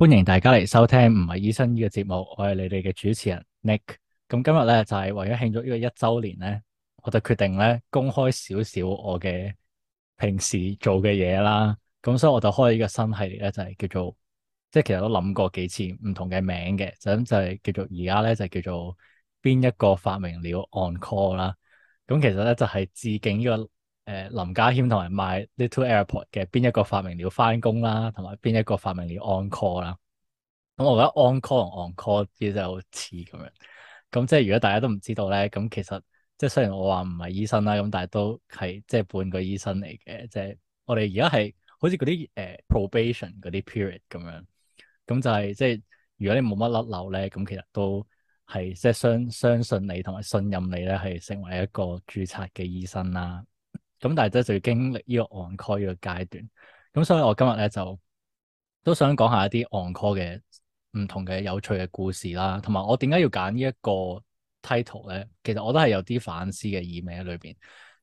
歡迎大家嚟收聽唔係醫生呢個節目，我係你哋嘅主持人 Nick。咁今日咧就係、是、為咗慶祝呢個一周年咧，我就決定咧公開少少我嘅平時做嘅嘢啦。咁所以我就開呢個新系列咧，就係、是、叫做即係其實都諗過幾次唔同嘅名嘅，就咁就係叫做而家咧就叫做邊一個發明了 On Call 啦。咁其實咧就係、是、致敬呢、這個。誒，林家謙同埋 My Little Airport 嘅邊一個發明了返工啦，同埋邊一個發明了 on call 啦。咁我覺得 on call 同 on call 啲就好似咁樣。咁即係如果大家都唔知道咧，咁其實即係雖然我話唔係醫生啦，咁但係都係即係半個醫生嚟嘅。即係我哋而家係好似嗰啲誒 probation 嗰啲 period 咁樣，咁就係即係如果你冇乜甩漏咧，咁其實都係即係相相信你同埋信任你咧，係成為一個注冊嘅醫生啦。咁但係即係要經歷呢個 on call 呢個階段，咁所以我今日咧就都想講下一啲 on call 嘅唔同嘅有趣嘅故事啦，同埋我點解要揀呢一個 title 咧？其實我都係有啲反思嘅意味喺裏邊，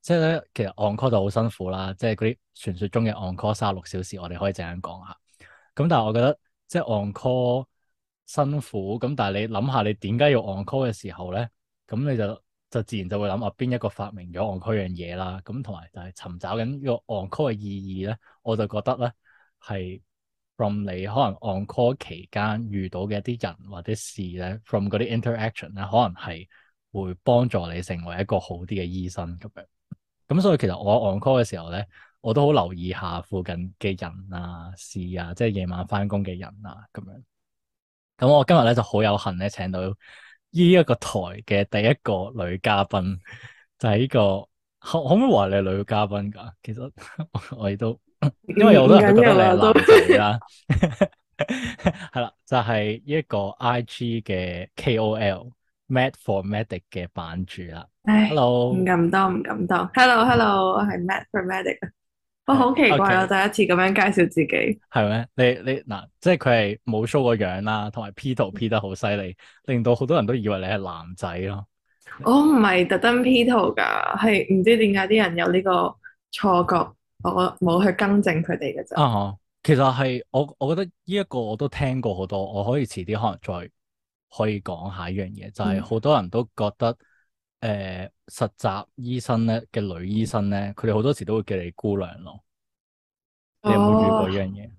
即係咧其實 on call 就好辛苦啦，即係嗰啲傳説中嘅 on call 三十六小時，我哋可以正咁講下。咁但係我覺得即係 on call 辛苦，咁但係你諗下你點解要 on call 嘅時候咧，咁你就～就自然就會諗啊，邊一個發明咗 on call 樣嘢啦？咁同埋就係尋找緊呢個 on call 嘅意義咧，我就覺得咧係 from 你可能 on call 期間遇到嘅一啲人或者事咧，from 嗰啲 interaction 咧，可能係會幫助你成為一個好啲嘅醫生咁樣。咁所以其實我 on call 嘅時候咧，我都好留意下附近嘅人啊、事啊，即係夜晚翻工嘅人啊咁樣。咁我今日咧就好有幸咧請到，呢一個台嘅第一個女嘉賓，就係呢個，可唔可以話你係女嘉賓噶？其實我哋都，因為好多人都係覺得你係男仔啦。係啦， 就係呢一個 I G 嘅 KOL，Mat for Medic 嘅版主啦唉 Hello。Hello，唔敢當，唔敢當。Hello，Hello，係 Mat for Medic 我、哦、好奇怪啊！Okay. 我第一次咁樣介紹自己，係咩？你你嗱，即係佢係冇 show 個樣啦，同埋 P 圖 P 得好犀利，令到好多人都以為你係男仔咯。我唔係特登 P 圖噶，係唔知點解啲人有呢個錯覺，我冇去更正佢哋嘅啫。啊、嗯，其實係我我覺得呢一個我都聽過好多，我可以遲啲可能再可以講下一樣嘢，就係、是、好多人都覺得。誒、呃，實習醫生咧，嘅女醫生咧，佢哋好多時都會叫你姑娘咯。你有冇遇過呢樣嘢？哦？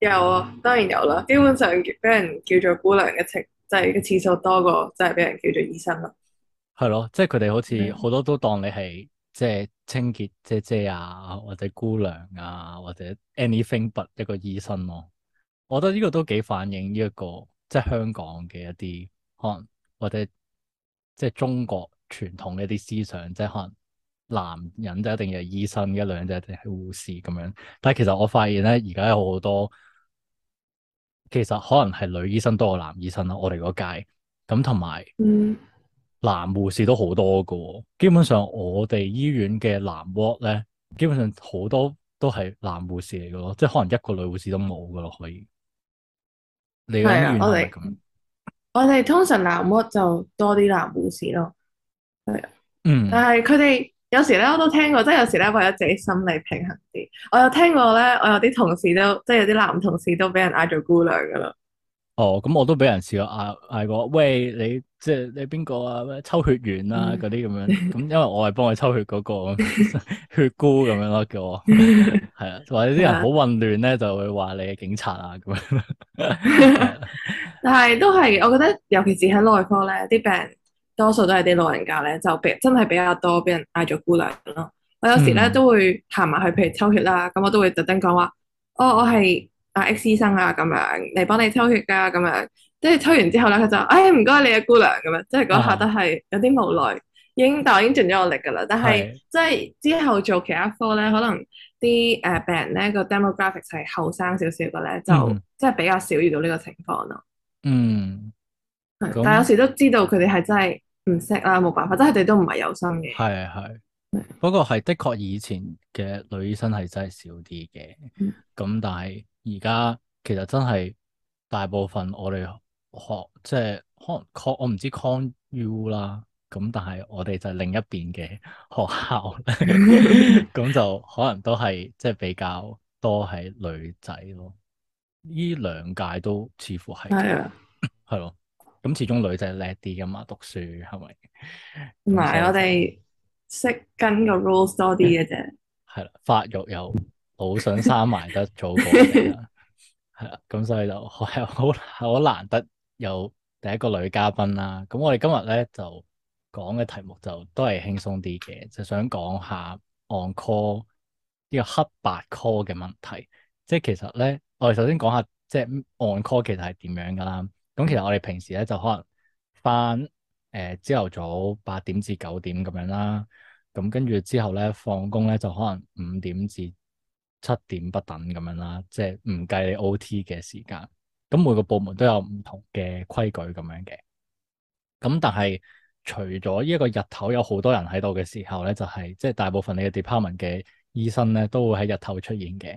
有啊，當然有啦。基本上俾人叫做姑娘嘅情，就係、是、嘅次數多過就係俾人叫做醫生啦。係咯，即係佢哋好似好多都當你係、嗯、即係清潔姐姐啊，或者姑娘啊，或者 anything but 一個醫生咯。我覺得呢個都幾反映呢一個即係香港嘅一啲可能或者即係中國。傳統一啲思想，即係可能男人就一定要係醫生，一兩就一定係護士咁樣。但係其實我發現咧，而家有好多，其實可能係女醫生多過男醫生咯。我哋嗰屆咁，同埋男護士都好多噶，嗯。基本上我哋醫院嘅男 ward 咧，基本上好多都係男護士嚟噶咯，即係可能一個女護士都冇噶咯。可以係啊，我哋我哋通常男 ward 就多啲男護士咯。係啊，嗯， 但係佢哋有時咧，我都聽過，即係有時咧，為咗自己心理平衡啲，我有聽過咧，我有啲同事都，即係有啲男同事都俾人嗌做姑娘噶啦。哦，咁我都俾人試過嗌嗌過，喂，你，即係你邊個啊？抽血員啊，嗰啲咁樣，咁因為我係幫佢抽血嗰、嗰個 血姑咁樣咯，叫我係啊，同埋有啲人好混亂咧，就會話你係警察啊咁樣。 但係都係，我覺得，尤其是喺內科咧，啲病。多數都係啲老人家咧，就比真係比較多俾人嗌咗姑娘咯。我有時咧、嗯、都會行埋去，譬如抽血啦，咁我都會特登講話：我我係阿 X 醫生啊，咁樣嚟幫你抽血噶、啊，咁樣。即係抽完之後咧，佢就誒唔該你啊，姑娘咁樣，即係嗰下都係有啲無奈，已經但我已經盡咗我力噶啦。但係即係之後做其他科咧，可能啲誒病人咧，個 demographics 係後生少少嘅咧，就即係比較少遇到呢個情況咯、嗯嗯。嗯，但係有時都知道佢哋係真係。唔識啦，冇辦法，即係佢哋都唔係有心嘅。係係， 不過係的確以前嘅女醫生係真係少啲嘅。咁但係而家其實真係大部分我哋學即係 con con，我唔知 con u 啦。咁但係我哋就係另一邊嘅學校，咁 就可能都係即係比較多係女仔咯。呢兩屆都似乎係係咯。的 咁始終女仔叻啲噶嘛，讀書係咪？唔係，是以我哋識跟個 rules 多啲嘅啫。係啦，發育又好想生埋得早啲啦。係啦，咁所以就好好難得，有第一個女嘉賓啦。咁我哋今日咧就講嘅題目就都係輕鬆啲嘅，就想講下 on call 呢個黑白 call 嘅問題。即係其實咧，我哋首先講下即係 on call 其實係點樣噶啦。咁其實我哋平時咧就可能返誒朝頭早八點至九點咁樣啦，咁跟住之後咧放工咧就可能五點至七點不等咁樣啦，即係唔計你 O.T. 嘅時間。咁每個部門都有唔同嘅規矩咁樣嘅。咁但係除咗呢一個日頭有好多人喺度嘅時候咧，就係即係大部分你嘅 department 嘅醫生咧都會喺日頭出現嘅。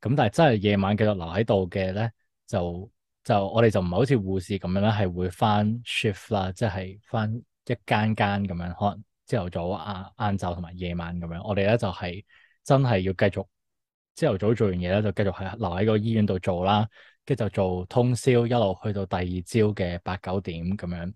咁但係真係夜晚繼續留喺度嘅咧就。就我哋就唔係好似護士咁樣咧，係會翻 shift 啦，即係翻一間間咁樣，可能朝頭早啊、晏晝同埋夜晚咁樣。我哋咧就係真係要繼續朝頭早做完嘢咧，就繼續係留喺個醫院度做啦，跟住就做通宵，一路去到第二朝嘅八九點咁樣。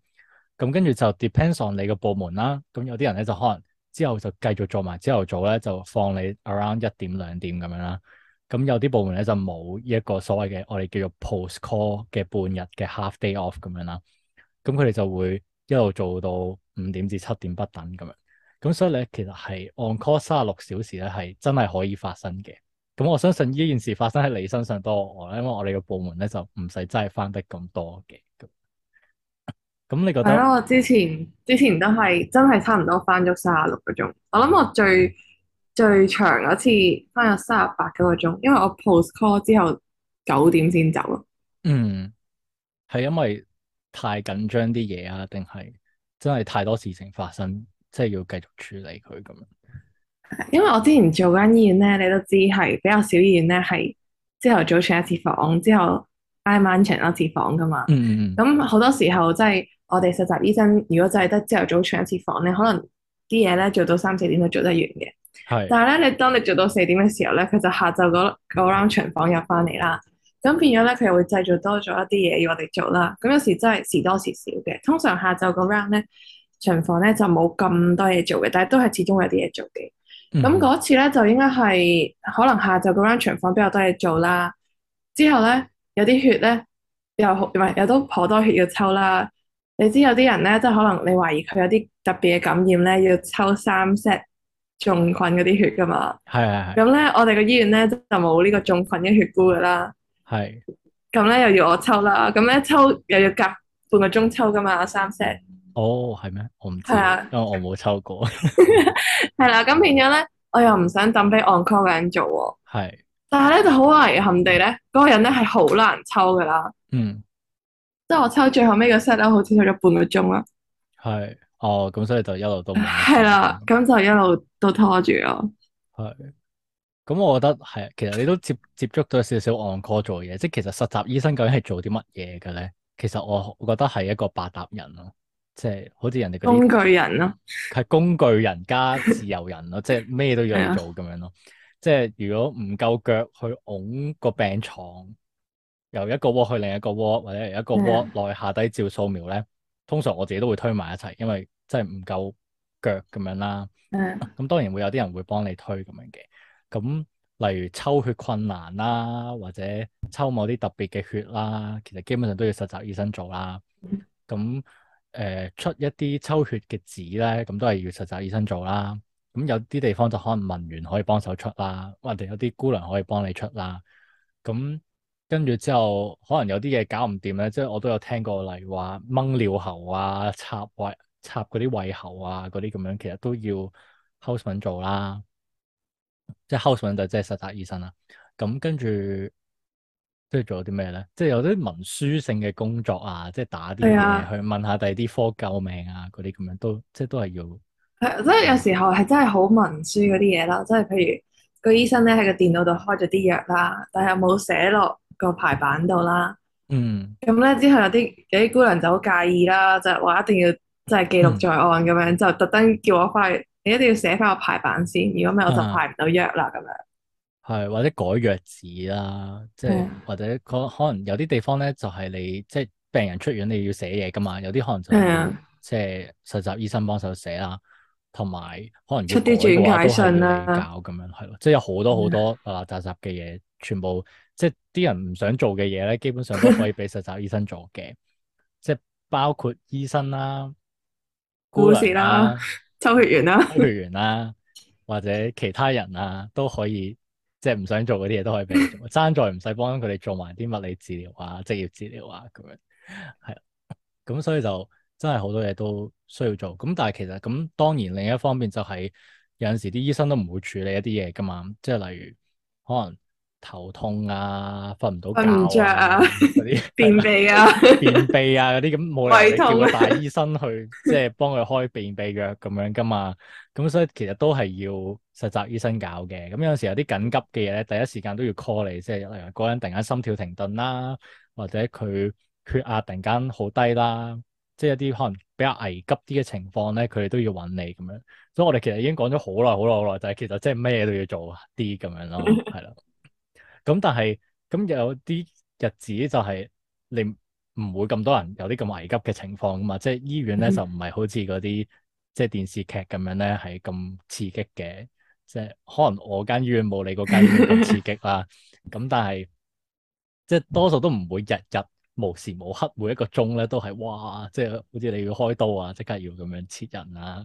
咁跟住就 depends on 你個部門啦。咁有啲人咧就可能之後就繼續做埋朝頭早咧，就放你 around 一點兩點咁樣啦。咁有啲部門咧就冇呢一個所謂嘅我哋叫做 post call 嘅半日嘅 half day off 咁樣啦，咁佢哋就會一路做到五點至七點不等咁樣，咁所以咧其實係 on call 三十六小時咧係真係可以發生嘅。咁我相信呢件事發生喺你身上多我，因為我哋個部門咧就唔使真係翻得咁多嘅。咁你覺得？我之前之前都係真係差唔多翻咗三十六個鐘。我諗我最最長嗰次翻咗三十八幾個鐘，因為我 post call 之後九點先走咯。嗯，係因為太緊張啲嘢啊，定係真係太多事情發生，即係要繼續處理佢咁樣。因為我之前做間醫院咧，你都知係比較少醫院咧係朝頭早上一次房之後挨晚上一次房噶嘛。嗯咁、嗯、好多時候即係我哋實習醫生，如果真係得朝頭早上一次房咧，可能啲嘢咧做到三四點都做得完嘅。係，是但係咧，你當你做到四點嘅時候咧，佢就下晝嗰 round 巡房入翻嚟啦。咁變咗咧，佢又會製造多咗一啲嘢要我哋做啦。咁有時真係時多時少嘅。通常下晝個 round 咧巡房咧就冇咁多嘢做嘅，但係都係始終有啲嘢做嘅。咁嗰、嗯、次咧就應該係可能下晝個 round 巡房比較多嘢做啦。之後咧有啲血咧又好唔係，有都頗多血要抽啦。你知有啲人咧即係可能你懷疑佢有啲特別嘅感染咧，要抽三 set。種菌嗰啲血噶嘛，係係係。咁咧，我哋個醫院咧就冇呢個種菌嘅血菇噶啦。係是的。咁咧又要我抽啦，咁咧抽又要隔半個鐘抽噶嘛三 set。哦，係咩？我唔知啊，是的 因為我冇抽過。係啦， 咁變咗咧，我又唔想抌俾 on call 嘅人做、啊。係是的。但係咧就好遺憾地咧，嗰、那個人咧係好難抽噶啦。嗯。即係我抽最後尾個 set 啦，好似抽咗半個鐘啦。係。哦，咁所以就一路都係啦，咁就一路都拖住咯。係，咁 我覺得係，其實你都接接觸咗少少 on call 做嘢，即係其實實習醫生究竟係做啲乜嘢嘅咧？其實我我覺得係一個百搭人咯，即、就、係、是、好似人哋工具人咯、啊，係工具人加自由人咯，即係咩都要你做咁樣咯。即係如果唔夠腳去拱個病床，由一個窩去另一個窩，或者由一個窩內下低照掃描咧。通常我自己都會推埋一齊，因為即係唔夠腳咁樣啦。咁當然會有啲人會幫你推咁樣嘅。咁例如抽血困難啦，或者抽某啲特別嘅血啦，其實基本上都要實習醫生做啦。咁誒、呃、出一啲抽血嘅紙咧，咁都係要實習醫生做啦。咁有啲地方就可能文員可以幫手出啦，或者有啲姑娘可以幫你出啦。咁。跟住之後，可能有啲嘢搞唔掂咧，即係我都有聽過，例如話掹尿喉啊，插胃插嗰啲胃喉啊，嗰啲咁樣，其實都要 houseman 做啦，即係 houseman 就即係實習醫生啦。咁跟住即係做啲咩咧？即係有啲文書性嘅工作啊，即係打啲嘢、啊、去問下第二啲科救命啊，嗰啲咁樣都即係都係要係，所以有時候係真係好文書嗰啲嘢啦，即係譬如、個醫生咧喺個電腦度開咗啲藥啦，但係冇寫落。個排版度啦，咁咧、嗯、之後有啲誒姑娘就好介意啦，就話一定要即係記錄在案咁樣，嗯、就特登叫我翻去，你一定要寫翻個排版先，如果唔係我就排唔到約啦咁、嗯、樣。係或者改藥字啦，即、就、係、是嗯、或者可可能有啲地方咧就係你即係、就是、病人出院你要寫嘢噶嘛，有啲可能就即係、嗯就是、實習醫生幫手寫啦。同埋可能出啲轉介信啦、啊，搞咁樣係咯，即係、就是、有好多好多雜雜嘅嘢， 全部即係啲人唔想做嘅嘢咧，基本上都可以俾實習醫生做嘅，即係 包括醫生啦、啊、護士啦、抽血員啦、啊、血員啦、啊，或者其他人啊都可以，即係唔想做嗰啲嘢都可以俾你做，爭 在唔使幫佢哋做埋啲物理治療啊、職業治療啊咁樣，係啦，咁所以就。真係好多嘢都需要做，咁但係其實咁當然另一方面就係有陣時啲醫生都唔會處理一啲嘢噶嘛，即係例如可能頭痛啊、瞓唔到覺啊、啲、啊、些便秘啊、吧便秘啊嗰啲咁冇理由叫個大醫生去 即係幫佢開便秘藥咁樣噶嘛，咁所以其實都係要實習醫生搞嘅，咁有陣時有啲緊急嘅嘢咧，第一時間都要 call 你，即係例如嗰人突然間心跳停頓啦，或者佢血壓突然間好低啦。即係一啲可能比較危急啲嘅情況咧，佢哋都要搵你咁樣，所以我哋其實已經講咗好耐好耐好耐，就係其實即係咩都要做啲咁樣咯，係啦。咁但係咁有啲日子就係你唔會咁多人有啲咁危急嘅情況噶嘛，即係醫院咧就唔係好似嗰啲即係電視劇咁樣咧係咁刺激嘅，即係可能我間醫院冇你個間醫院咁刺激啦。咁但係即係多數都唔會日日。無時無刻每一個鐘咧都係哇，即係好似你要開刀啊，即刻要咁樣切人啊，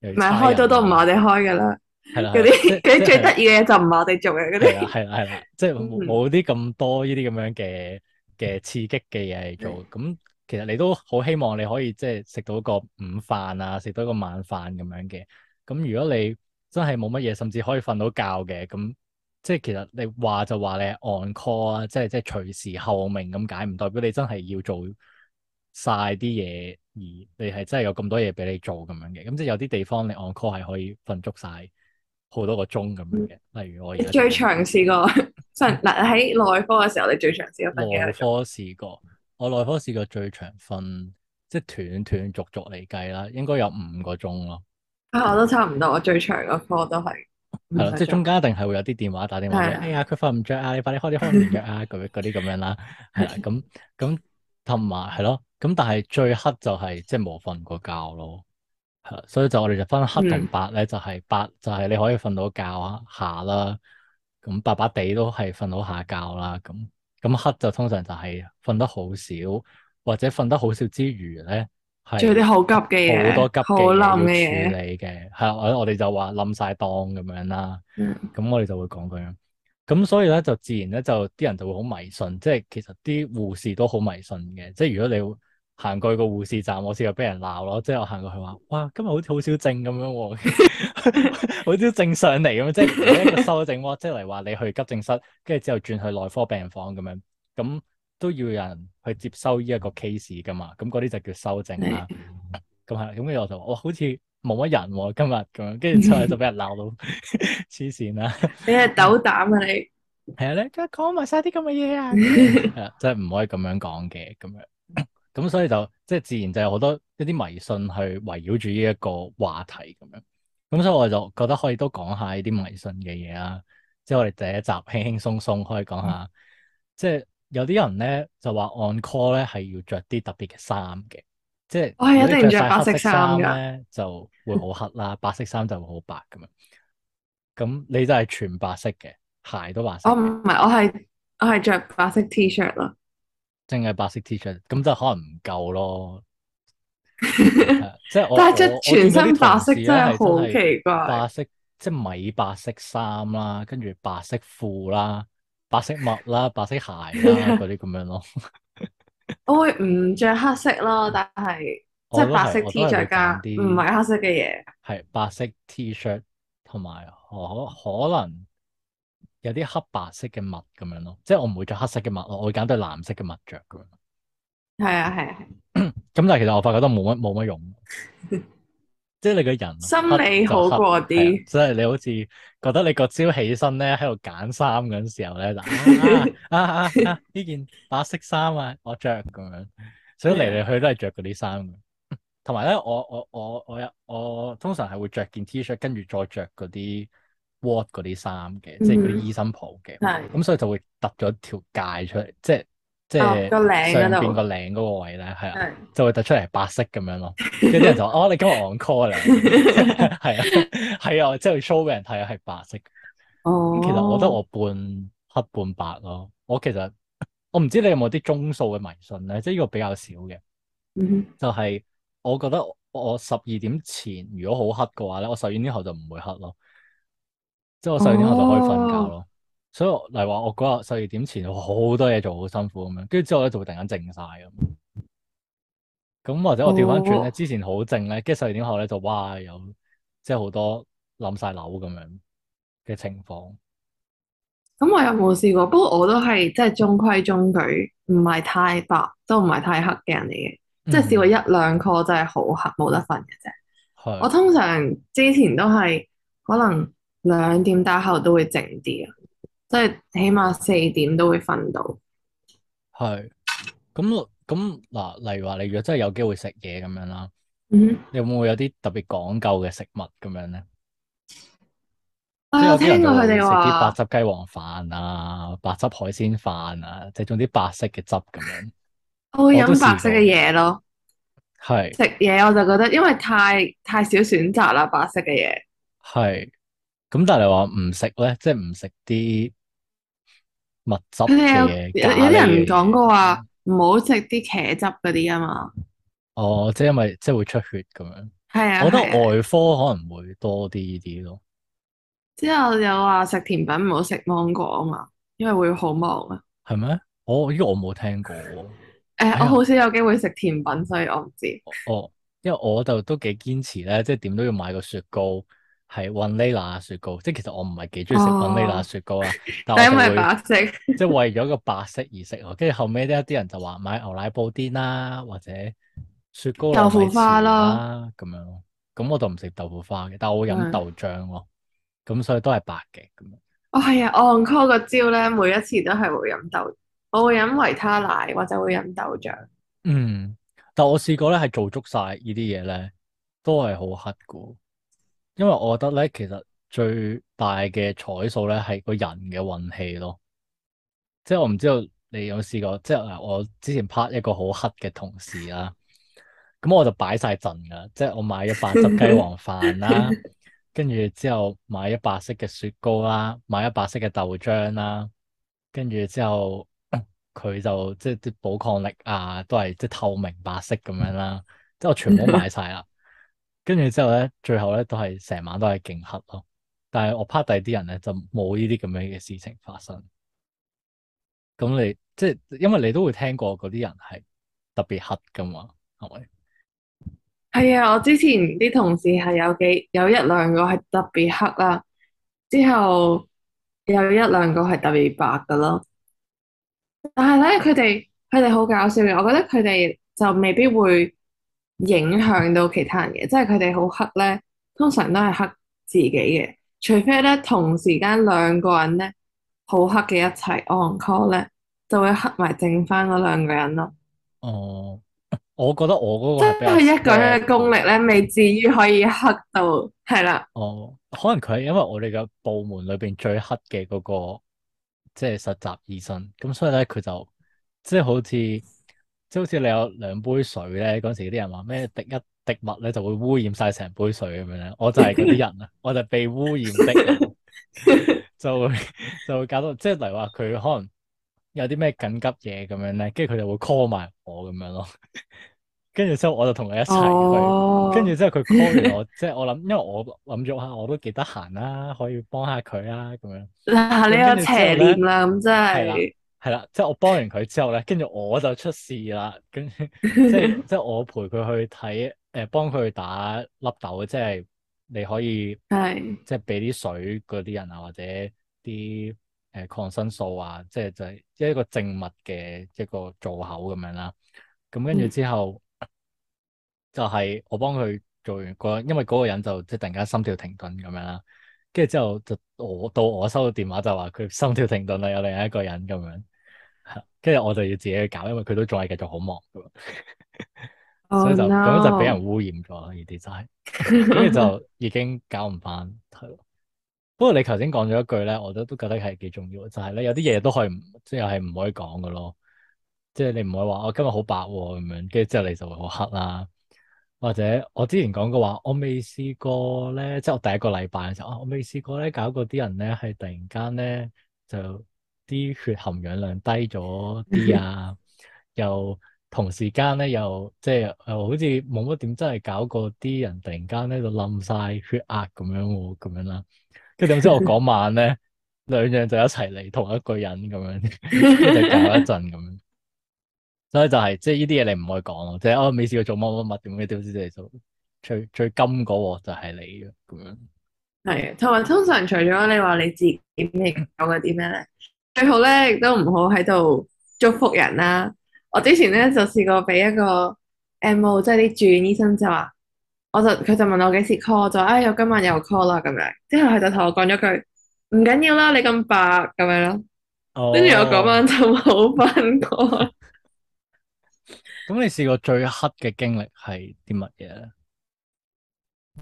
唔係開刀都唔係我哋開噶啦，嗰啲啲最得意嘅嘢就唔係我哋做嘅嗰啲，係啦係啦，即係冇冇啲咁多呢啲咁樣嘅嘅刺激嘅嘢嚟做，咁其實你都好希望你可以即係食到個午飯啊，食到個晚飯咁樣嘅，咁如果你真係冇乜嘢，甚至可以瞓到覺嘅咁。即係其實你話就話你係 on call 啊，即係即係隨時候命咁解，唔代表你真係要做晒啲嘢，而你係真係有咁多嘢俾你做咁樣嘅。咁即係有啲地方你 on call 係可以瞓足晒好多個鐘咁樣嘅。例如我最長試過，嗱，喺內科嘅時候，你最長試過瞓幾多？內科試過，我內科試過最長瞓，即係斷斷續續嚟計啦，應該有五個鐘咯。啊，我都差唔多，嗯、我最長個科都係。係咯，即係中間一定係會有啲電話打電話，的哎呀佢瞓唔着啊，你快啲開啲開暖腳啊，嗰啲咁樣啦，係啦，咁咁同埋係咯，咁但係最黑就係即係冇瞓過覺咯，係啦，所以就我哋就分黑同白咧，就係，是，白就係，是，你可以瞓到覺下啦，咁白白地都係瞓到下覺啦，咁咁黑就通常就係瞓得好少，或者瞓得好少之餘咧。仲是有啲好急嘅嘢，好多急嘅嘢要處理嘅，係我、嗯、我哋就話冧晒檔咁樣啦。咁我哋就會講佢咁，所以咧就自然咧就啲人就會好迷信，即係其實啲護士都好迷信嘅。即係如果你行過去個護士站，我試過俾人鬧咯。即係我行過去話，哇，今日好似、啊、 好少症咁樣，好少症上嚟咁，即係一個收症咯。即係嚟話你去急症室，跟住之後轉去內科病房咁樣咁。都要有人去接收呢一個 case 噶嘛，咁嗰啲就叫修正啦，啊。咁係、 嗯，咁跟住我就話，哇，好似冇乜人喎、啊、今日咁樣，跟住之後就俾人鬧到黐線啦。你係斗膽啊你？係啊，你而家講埋晒啲咁嘅嘢啊，即係唔可以咁樣講嘅，咁樣。咁所以就即係、就是、自然就有好多一啲迷信去圍繞住呢一個話題咁樣。咁所以我就覺得可以都講下呢啲迷信嘅嘢啊。即、就、係、是、我哋第一集輕輕鬆鬆可以講下，即係。有啲人咧就話 on call 咧係要着啲特別嘅衫嘅，即係我一定着白色衫咧 就會好黑啦，白色衫就會好白咁樣。咁你都係全白色嘅，鞋都白色、哦。我唔係，我係我係著白色 T 恤咯，淨係白色 T 恤，咁就可能唔夠咯。 即係我 我但全身白色真係好 奇怪，白色即係米白色衫啦，跟住白色褲啦。白色襪啦，白色鞋啦，嗰啲咁樣咯。 我會唔着黑色咯，但係即係白色 T 恤加唔係黑色嘅嘢。係白色 T 恤同埋可可能有啲黑白色嘅襪咁樣咯，即係我唔會着黑色嘅襪咯，我會揀對藍色嘅襪着咁樣。係啊係啊，咁、啊啊、 但係其實我發覺都冇乜冇乜用。 即係你個人心理好過啲，就是啊，所以你好似覺得你個朝起身咧喺度揀衫嗰陣時候咧就，啊啊啊呢件白色衫啊我着，咁樣，所以嚟嚟去都係着嗰啲衫。同埋咧，我我我我有我，我通常係會着件 T 恤，跟住再着嗰啲 Ward 嗰啲衫嘅，即係嗰啲醫生袍嘅。係咁，所以就會揼咗條界出嚟，即係。即係上邊個領嗰個位咧，係啊，就會突出嚟白色咁樣咯。跟住人就哦，你今日 on call 啊，係啊，係啊，即係 show 俾人睇下係白色。哦，其實我覺得我半黑半白咯。我其實我唔知你有冇啲鐘數嘅迷信咧，即係呢個比較少嘅。嗯哼，就係我覺得我十二點前如果好黑嘅話咧，我十二點後就唔會黑咯。即係我十二點後就可以瞓覺咯。哦所以，例如話我嗰日十二點前好多嘢做，好辛苦咁樣，跟住之後咧就會突然間靜晒咁。咁或者我調翻轉咧，哦、之前好靜咧，跟住十二點後咧就哇有即係好多冧晒樓咁樣嘅情況。咁我有冇試過？不過我都係即係中規中矩，唔係太白都唔係太黑嘅人嚟嘅，嗯、即係試過一兩個真係好黑冇得瞓嘅啫。是我通常之前都係可能兩點打後都會靜啲啊。即係起碼四點都會瞓到，係咁咁嗱，例如話你如果真係有機會食嘢咁樣啦，嗯、你有冇會有啲特別講究嘅食物咁樣咧？我、啊、有聽過佢哋話白汁雞皇飯啊，白汁海鮮飯啊，即係種啲白色嘅汁咁樣。我會飲白色嘅嘢咯，係食嘢我就覺得因為太太少選擇啦，白色嘅嘢。係咁，但係你話唔食咧，即係唔食啲。蜜汁嘅嘢，有啲人唔講過話唔好食啲茄汁嗰啲啊嘛。哦，即係因為即係會出血咁樣。係啊，我覺得外科可能會多啲啲咯。之後有話食甜品唔好食芒果啊嘛，因為會好忙啊。係咩？我，哦，因為我冇聽過。誒、哎，我好少有機會食甜品，所以我唔知、哎。哦，因為我就都幾堅持咧，即係點都要買個雪糕。係雲尼拿雪糕，即係其實我唔係幾中意食雲尼拿雪糕啊，哦，但係因為白色，即係為咗個白色而食咯。跟住後尾呢，一啲人就話買牛奶布甸啦，或者雪糕、豆腐花啦，咁樣。咁我就唔食豆腐花嘅，但係我會飲豆漿喎。咁的所以都係白嘅咁樣。我係啊，我 call 嗰朝咧，每一次都係會飲豆，我會飲維他奶或者會飲豆漿。嗯，但係我試過咧，係做足晒呢啲嘢咧，都係好黑噶。因為我覺得咧，其實最大嘅彩數咧係個人嘅運氣咯。即係我唔知道你有冇試過，即係我之前拍一個好黑嘅同事啦。咁我就擺晒陣㗎，即係我買咗白汁雞皇飯啦，跟住 之後買咗白色嘅雪糕啦，買咗白色嘅豆漿啦，跟住之後佢、嗯、就即係啲保抗力啊，都係即係透明白色咁樣啦。即係我全部買晒啦。 跟住之後咧，最後咧都係成晚都係勁黑咯。但係我 part 第二啲人咧就冇呢啲咁樣嘅事情發生。咁你即係因為你都會聽過嗰啲人係特別黑噶嘛，係咪？係啊，我之前啲同事係有幾有一兩個係特別黑啦，之後有一兩個係特別白噶咯。但係咧，佢哋佢哋好搞笑嘅，我覺得佢哋就未必會。影響到其他人嘅，即係佢哋好黑咧，通常都係黑自己嘅，除非咧同時間兩個人咧好黑嘅一齊 on call 咧，就會黑埋剩翻嗰兩個人咯。哦，我覺得我嗰個即係一個人嘅功力咧，未至於可以黑到係啦。哦，可能佢係因為我哋嘅部門裏邊最黑嘅嗰個，即係實習醫生，咁所以咧佢就即係好似。即好似你有兩杯水咧，嗰時啲人話咩滴一滴物咧就會污染晒成杯水咁樣咧，我就係嗰啲人啊， 我就被污染的， 就會就會搞到即係例如話佢可能有啲咩緊急嘢咁樣咧，跟住佢就會 call 埋我咁樣咯，跟住之後我就同佢一齊去，跟住之後佢 call 完我，即係我諗，因為我諗咗下，我都幾得閒啦，可以幫下佢啊咁樣。吓，你又邪念啦，咁真係。係啦，即係我幫完佢之後咧，跟住我就出事啦，跟即係即係我陪佢去睇，誒幫佢去打粒豆，即係你可以，係的即係俾啲水嗰啲人啊，或者啲誒、呃、抗生素啊，即係就係一個靜脈嘅一個造口咁樣啦。咁跟住之後就係我幫佢做完個，因為嗰個人就即係突然間心跳停頓咁樣啦。跟住之後就我到我收到電話就話佢心跳停頓啦，有另外一個人咁樣。跟住我就要自己去搞，因為佢都仲係繼續好忙㗎嘛， 所以就咁、oh, no. 樣就俾人污染咗而 design 跟住就已經搞唔翻。不過你頭先講咗一句咧，我都都覺得係幾重要，就係、是、咧有啲嘢都可以，即係係唔可以講嘅咯。即係你唔可以話我、啊、今日好白咁、啊、樣，跟住之後你就會好黑啦、啊。或者我之前講過話，我未試過咧，即係我第一個禮拜嘅時候，啊、我未試過咧搞過啲人咧，係突然間咧就。啲血含氧量低咗啲啊， 又同時間咧又即係、就是，又好似冇乜點真係搞過啲人突然間咧就冧晒血壓咁樣喎，咁樣啦。跟住點知我嗰晚咧兩樣就一齊嚟同一個人咁樣，就搞一陣咁樣。所以就係即係呢啲嘢你唔可以講咯，即係我未試過做乜乜乜點嘅，屌知就最最金嗰鑊就係你嘅咁樣。係，同埋通常除咗你話你自己未搞嘅啲咩咧？ 最好咧，亦都唔好喺度祝福人啦、啊。我之前咧就試過俾一個 M，即係啲住院醫生就話，我就佢就問我幾時 call 咗，唉，我、哎，今晚又 call 啦咁樣。之後佢就同我講咗句唔緊要啦，你咁白咁樣咯。跟住、哦，我嗰晚就冇瞓過。咁 你試過最黑嘅經歷係啲乜嘢咧？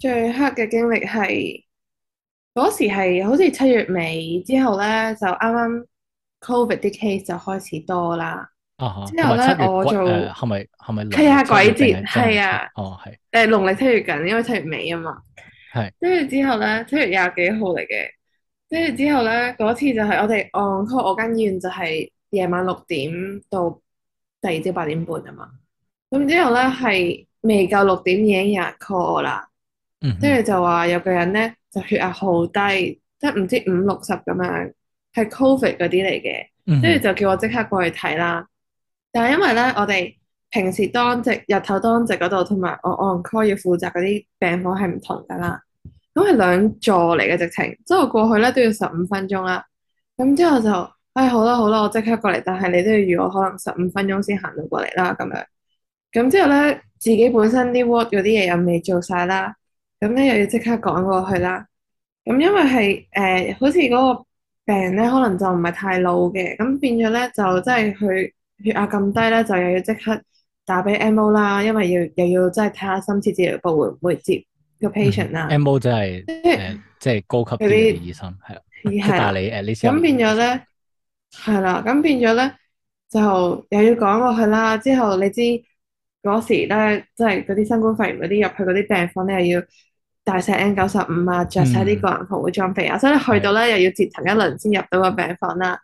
最黑嘅經歷係嗰時係好似七月尾之後咧，就啱啱。Covid 啲 case 就開始多啦，啊、哈之後咧月我做係咪係咪係啊鬼節係啊，哦係，誒農曆七月近，因為七月尾啊嘛，係是，跟住之後咧七月廿幾號嚟嘅，跟住之後咧嗰次就係我哋 on call，我間醫院就係夜晚六點到第二朝八點半啊嘛，咁之後咧係未夠六點已經入 call 啦，嗯哼，跟住就話有個人咧就血壓好低，即係唔知五六十咁樣。係 Covid 嗰啲嚟嘅，跟住、嗯、哼就叫我即刻過去睇啦。但係因為咧，我哋平時當值日頭當值嗰度，同埋我 on call 要負責嗰啲病房係唔同噶啦。咁係兩座嚟嘅直程，之後過去咧都要十五分鐘啦。咁之後就，唉、哎，好啦好啦，我即刻過嚟，但係你都要預我可能十五分鐘先行到過嚟啦。咁樣，咁之後咧，自己本身啲 work 嗰啲嘢又未做晒啦，咁咧又要即刻趕過去啦。咁因為係，誒、呃，好似嗰、那個。病人咧可能就唔係太老嘅，咁變咗咧就即係佢血壓咁低咧，就又要即刻打俾 M.O. 啦，因為要又，又要即係睇下深切治療部會唔會接個 patient 啦。嗯、M.O. 真係即係高級啲嘅醫生，係啦的。係啦的。咁變咗咧，係啦。 咁變咗咧就又要趕過去啦。之後你知嗰時咧，即係嗰啲新冠肺炎嗰啲入去嗰啲病房咧，又要。戴晒 N 九十五啊，着晒啲個人護衞裝備啊。嗯、所以你去到咧又要折騰一輪先入到個病房啦、啊。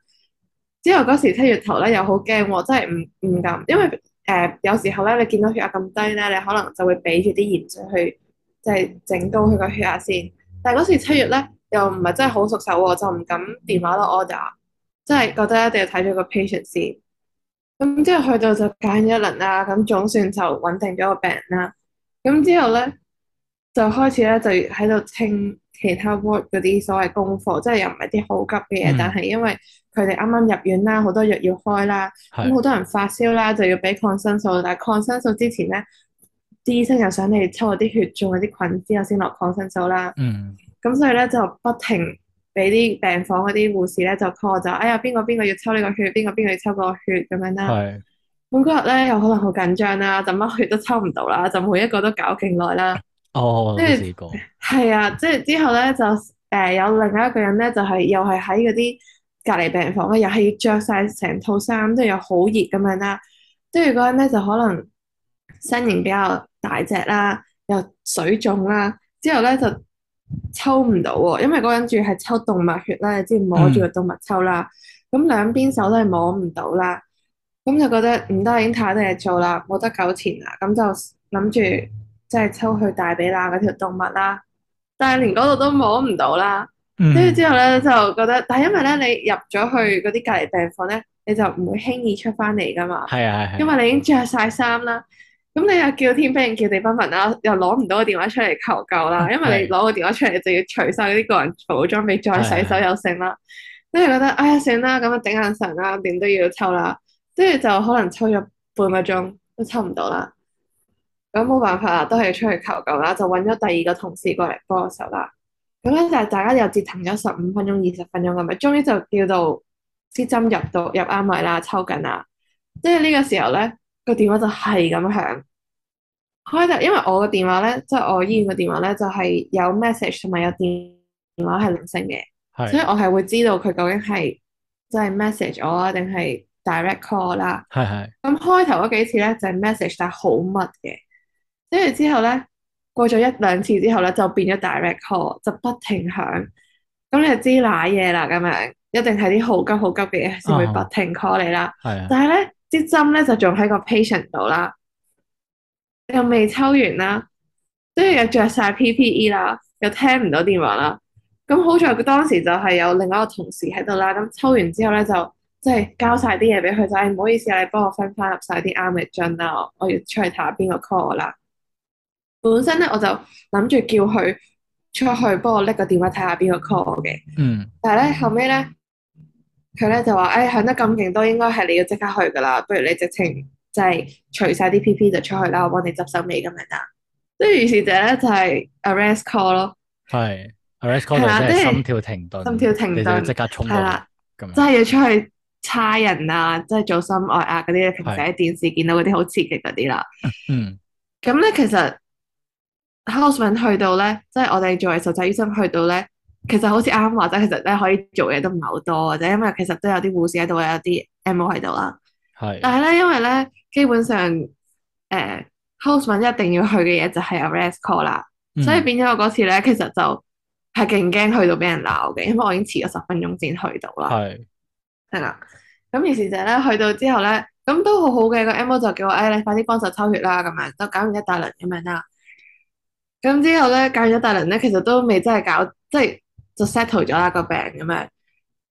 之後嗰時七月頭咧又好驚喎、啊，真係唔唔敢，因為誒、呃、有時候咧你見到血壓咁低咧，你可能就會俾住啲鹽水去，就係整到佢個血壓先。但係嗰時七月咧又唔係真係好熟手喎、啊，就唔敢電話落 order，真係覺得一定要睇咗個 patient 先。咁之後去到就揀一輪啦、啊，咁總算就穩定咗個病人啦、啊。咁之後咧。就開始咧，就喺度清其他 work 嗰啲所謂功課，即係又唔係啲好急嘅嘢，嗯、但係因為佢哋啱啱入院啦，好多藥要開啦，咁好是多人發燒啦，就要俾抗生素，但係抗生素之前咧，啲醫生又想你抽嗰啲血，種嗰啲菌之後先落抗生素啦。咁、嗯、所以咧就不停俾啲病房嗰啲護士咧就 call 就，哎呀邊個邊個要抽呢個血，邊個邊個要抽個血咁樣啦。咁嗰日咧又可能好緊張啦，就乜血都抽唔到啦，就每一個都搞勁耐啦。哦，即係係啊！即係之後咧就誒、呃、有另外一個人咧，就係、是、又係喺嗰啲隔離病房，又係要着晒成套衫，即係又好熱咁樣啦。跟住嗰人咧就可能身形比較大隻啦，又水腫啦。之後咧就抽唔到喎，因為嗰人住係抽動脈血啦，即係摸住個動脈抽啦。咁、嗯、兩邊手都係摸唔到啦。咁就覺得唔得，已經太多嘢做啦，冇得糾纏啦。咁就諗住。即係抽去大比啦嗰條動物啦，但係連嗰度都摸唔到啦。跟住、嗯、之後咧就覺得，但係因為咧你入咗去嗰啲隔離病房咧，你就唔會輕易出翻嚟噶嘛。係啊係、啊，因為你已經着晒衫啦。咁你又叫天不應叫地不聞啦，又攞唔到電個電話出嚟求救啦。因為你攞個電話出嚟，就要除晒啲個人裝備，未再洗手又剩啦。跟住是、啊、覺得哎呀，算啦，咁樣頂眼神啦，點都要抽啦。跟住就可能抽咗半個鐘都抽唔到啦。咁冇辦法啦，都係出去求救啦，就揾咗第二個同事過嚟幫手啦。咁咧就係大家又折騰咗十五分鐘、二十分鐘咁樣，終於就叫到支針入到入啱位啦，抽緊啦。即係呢個時候咧，個電話就係咁響開頭，因為我個電話咧，即係我醫院個電話咧，就係有 message 同埋有電電話係鈴聲嘅，的所以我係會知道佢究竟係即係 message 我啊，定係 direct call 啦。係係咁開頭嗰幾次咧就係 message，但係好密嘅。跟住之後咧，過咗一兩次之後咧，就變咗 Direct Call，就不停響。咁你就知瀨嘢啦，咁樣一定係啲好急好急嘅嘢先會不停 call 你啦。係、哦，但係咧啲針咧就仲喺個 patient 度啦，又未抽完啦，跟住又着晒 PPE 啦，又聽唔到電話啦。咁好彩，佢當時就係有另一個同事喺度啦。咁抽完之後咧，就即係交晒啲嘢俾佢就係哎、唔好意思啊，你幫我分翻入晒啲啱嘅樽啦，我要出去睇下邊個 call 啦。本身咧我就諗住叫佢出去幫我搦個電話睇下邊個 call 嘅，嗯、但係咧後尾咧佢咧就話：，誒、哎、響得咁勁都應該係你要即刻去噶啦，不如你直情就係除晒啲 P. P. 就出去啦，我幫你執手尾咁樣啦。即係於是者咧就係、是、arrest call 咯，係 arrest call 即係心跳停頓、就是，心跳停頓即刻衝過啦，即係的樣要出去差人啊，即係做心外壓嗰啲，的平時喺電視見到嗰啲好刺激嗰啲啦。嗯，咁咧其實。Houseman 去到咧，即、就、係、是、我哋作為實習醫生去到咧，其實好似啱話啫，其實咧可以做嘢都唔係好多，或者因為其實都有啲護士喺度，有啲 M O 喺度啦。係是。但係咧，因為咧，基本上誒、呃、Houseman 一定要去嘅嘢就係 arrest call 啦，所以變咗我嗰次咧，其實就係勁驚去到俾人鬧嘅，因為我已經遲咗十分鐘先去到啦。係是。係啦，咁於是就咧去到之後咧，咁都好好嘅個 M O 就叫我誒、哎，你快啲幫手抽血啦，咁樣就搞完一大輪咁樣啦。咁之後咧，隔咗大輪咧，其實都未真係搞，即係就 settle 咗啦個病咁樣。